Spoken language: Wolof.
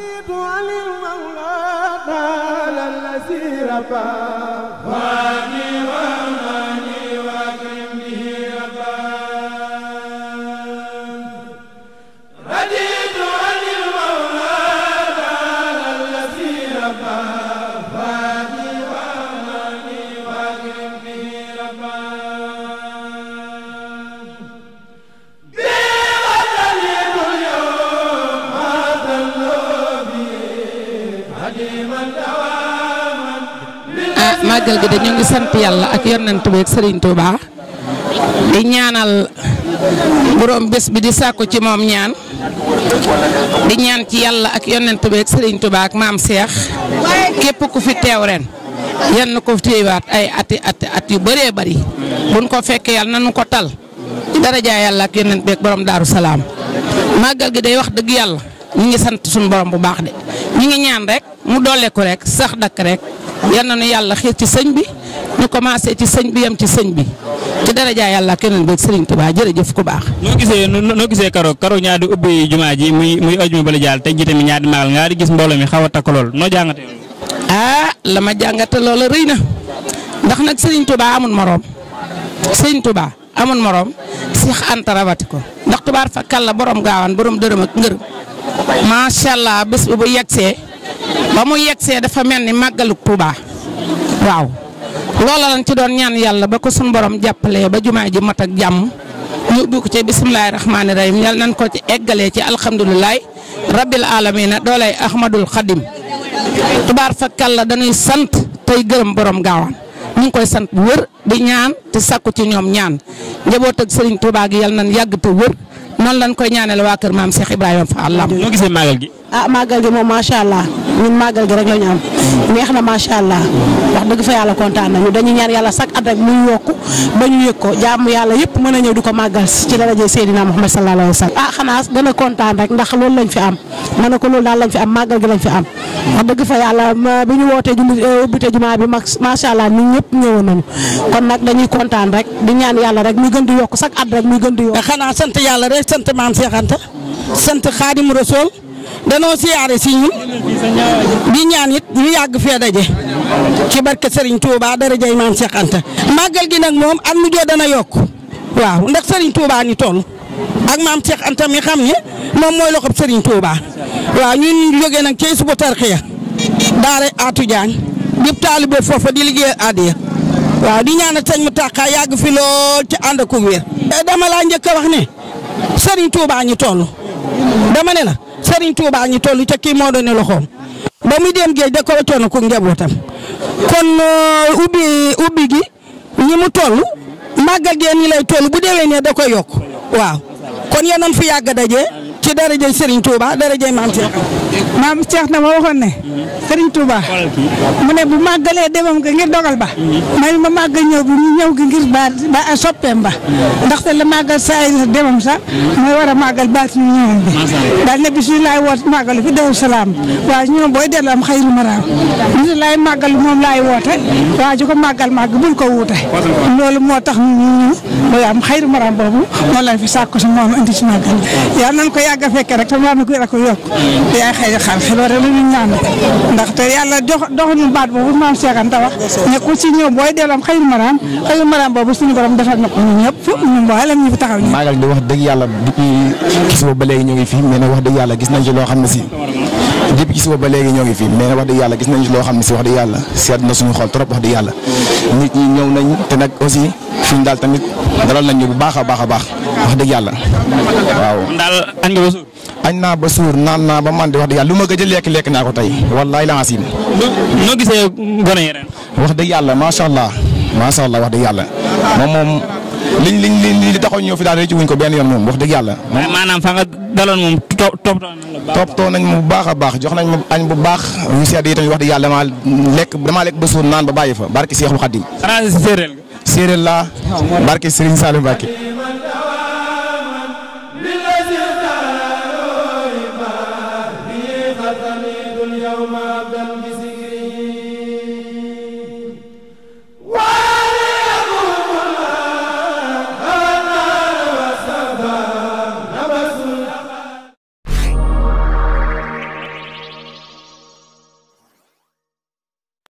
رضيت عن المولى ما الذي ربى màggal gi dañu ngi sant yàlla ak yonent bi ak Serigne Touba di ñaanal borom bés bi di sàkku ci moom ñaan di ñaan ci yàlla ak yonent bi ak Serigne Touba ak maam Cheikh képp ku fi teew ren yan na ko téewaat ay ati at yu bëree bëri buñ ko fekkee yàlla nanu ko tal ci daraja yàlla ak yonent bi ak borom daaru salaam màggal gi day wax dëgg yàlla ñu ngi sant suñu borom bu baax de ñu ngi ñaan rek mu doole ko rek sax dakk rek. yal na nu yàlla xiir ci sëñ bi ñu commencé ci sëñ bi yem ci sëñ bi ci daraja yàlla keneen ba Serigne Touba jëf ku baax. noo gisee noo gisee Karo Karo ñaar di ubbi jumaa ji muy muy aju ma bala jaal te jiite mi ñaar di magal ngaa di gis mbooloo mi xaw a takk lool noo jàngate ah la ma jàngate loola rëy na ndax nag Serigne Touba amul morom Serigne Touba amul morom Cheikh Anta rabati ko ndax tubaar fa kàlla borom gaawaan borom dërëm ak ngërëm macha allah bu bu yegsee ba mu yegsee dafa mel ni màggalu Tuuba waaw loola lañ ci doon ñaan yàlla ba ko suñu boroom jàppalee ba jumaa ji mat ak jàmm ñu ubbi ko ci bisimilahi rahmaani rahim yal nañ ko ci eggalee ci alhamdulilahi rabbil alamina doolay ahmadul xadim tubaar fa kàlla dañuy sant tey gërëm borom gaawaan ñu koy sant bu wër di ñaan te sakku ci ñoom ñaan njaboot ak Serigne Touba gi yal nañ yàgg te wër noonu lañ koy ñaanal waa kër maam Cheikh Ibrahima Fall. ñoo gisee ah màggal gi moom macha allah ñun gi rek la ñu am neex macha allah wax dëgg fa yàlla kontaan nañu dañuy ñaan yàlla sak at rek ko jaamu yàlla yëpp mën a ñëw di ko màggal ci daraje Seydina Muhammad sallallahu alayhi wa sallam ah xanaa gën a kontaan rek ndax loolu lañ fi am mën ko loolu daal lañ fi am màggal gi lañ fi am wax dëgg fa yàlla bi ñu wootee julli eh, ubbite jumaa bi macha allah ñun ñëpp ñëwoon nañu kon nag dañuy kontaan rek di ñaan yàlla rek muy gën di yokk sak at rek muy gën di yokku xanaa sant yàlla rek sant maam Seex Anta sant Xaadimu Rasuul danoo siyaare si ñun di ñaan it ñu yàgg fee daje ci barke Serigne Touba dara jay maam Cheikh Anta màggal gi nag moom at mu joo dana yokk waaw ndax sëriñ Touba ni toll ak maam Cheikh mi xam ne moom mooy loxob sëriñ Touba waaw ñu jógee nag ci suba tarxiya daara Atou Diagne di taalibe foofa di liggéeyal adiya waaw di ñaanal mu tàqaa yàgg fi lool ci ànd ak wér eh, dama laa njëkk a wax ne Serigne Touba ñu toll dama ne la. Serigne Touba ñu toll ca kii moo doon ne loxoom ba muy dem géej da ko waccoon ku njabootam kon uh, ubbi ubbi gi ñi mu toll màggal gee ñi lay toll bu déwee ne da koy yokk waaw kon yéen fi yàgg daje. ci darajay Serigne Touba darajay maam Cheikh. maam Cheikh dama waxoon ne. Serigne Touba. mu ne bu màggalee demam ga ngir dogal ba. may ma màgg ñëw bu ñëw gi ngir ba ba soppeem ba. ndaxte la màggal saa yi demam sax. mooy war a màggal baat ñu ñëwoon bi. daal ne bisimilah woot màggalu fi Daaru Salaam. waaye ñoom booy dellu am xayru maraam. bisimilah màggalu moom laay woote. waa ji ko màggal màgg bul ko wuute. loolu moo tax ñu ñu ñu. mooy am xayru maraam boobu. moo lañ fi sàkku si moom indi si màggal. yàlla nañ ko yàgg yàgg a fekkee rek tam yàlla na ko yàlla ko yokk te yaay xëy a ndax te yàlla jox doxuñu baat boobu maam Cheikh Anta wax ne ku ci ñëw booy dellam xëyul maraam xëyul maraam boobu suñu borom defal na ko ñun ñëpp ñun mboolem ñu fi taxaw ñu maagal di wax dëgg yàlla depuis suba ba léegi ñu ngi fi mais nag wax dëgg yàlla gis nañ ci loo xam ne si depuis ci suba ba léegi ñoo ngi fi mais yàlla gis nañ ci loo xam ne si wax dëgg yàlla seet na suñu xol trop wax dëgg yàlla nit ñi ñëw nag aussi suñu daal tamit dalal nañ ñu bu baax a baax a baax wax dëgg yàlla waaw. daal añ nga ba suur. añ naa ba suur naan naa ba man di wax dëgg yàlla ma gëj a lekk naa ko tey wallaay la asim. noo gisee gone wax dëgg yàlla macha allah macha allah wax dëgg yàlla moom moom liñ liñ liñ li taxaw ñëw fi daal rëcc wuñ ko benn yoon moom wax dëgg yàlla. maanaam fa nga daloon moom topp topp toppatoo bu baax a baax jox nañ ma añ bu baax yu sedd yi tamit wax dëgg yàlla damaa lekk damaa lekk ba suur naan ba bàyyi fa barki Seexul Xadiim séeréer laa barke Serigne Saliou Mbacké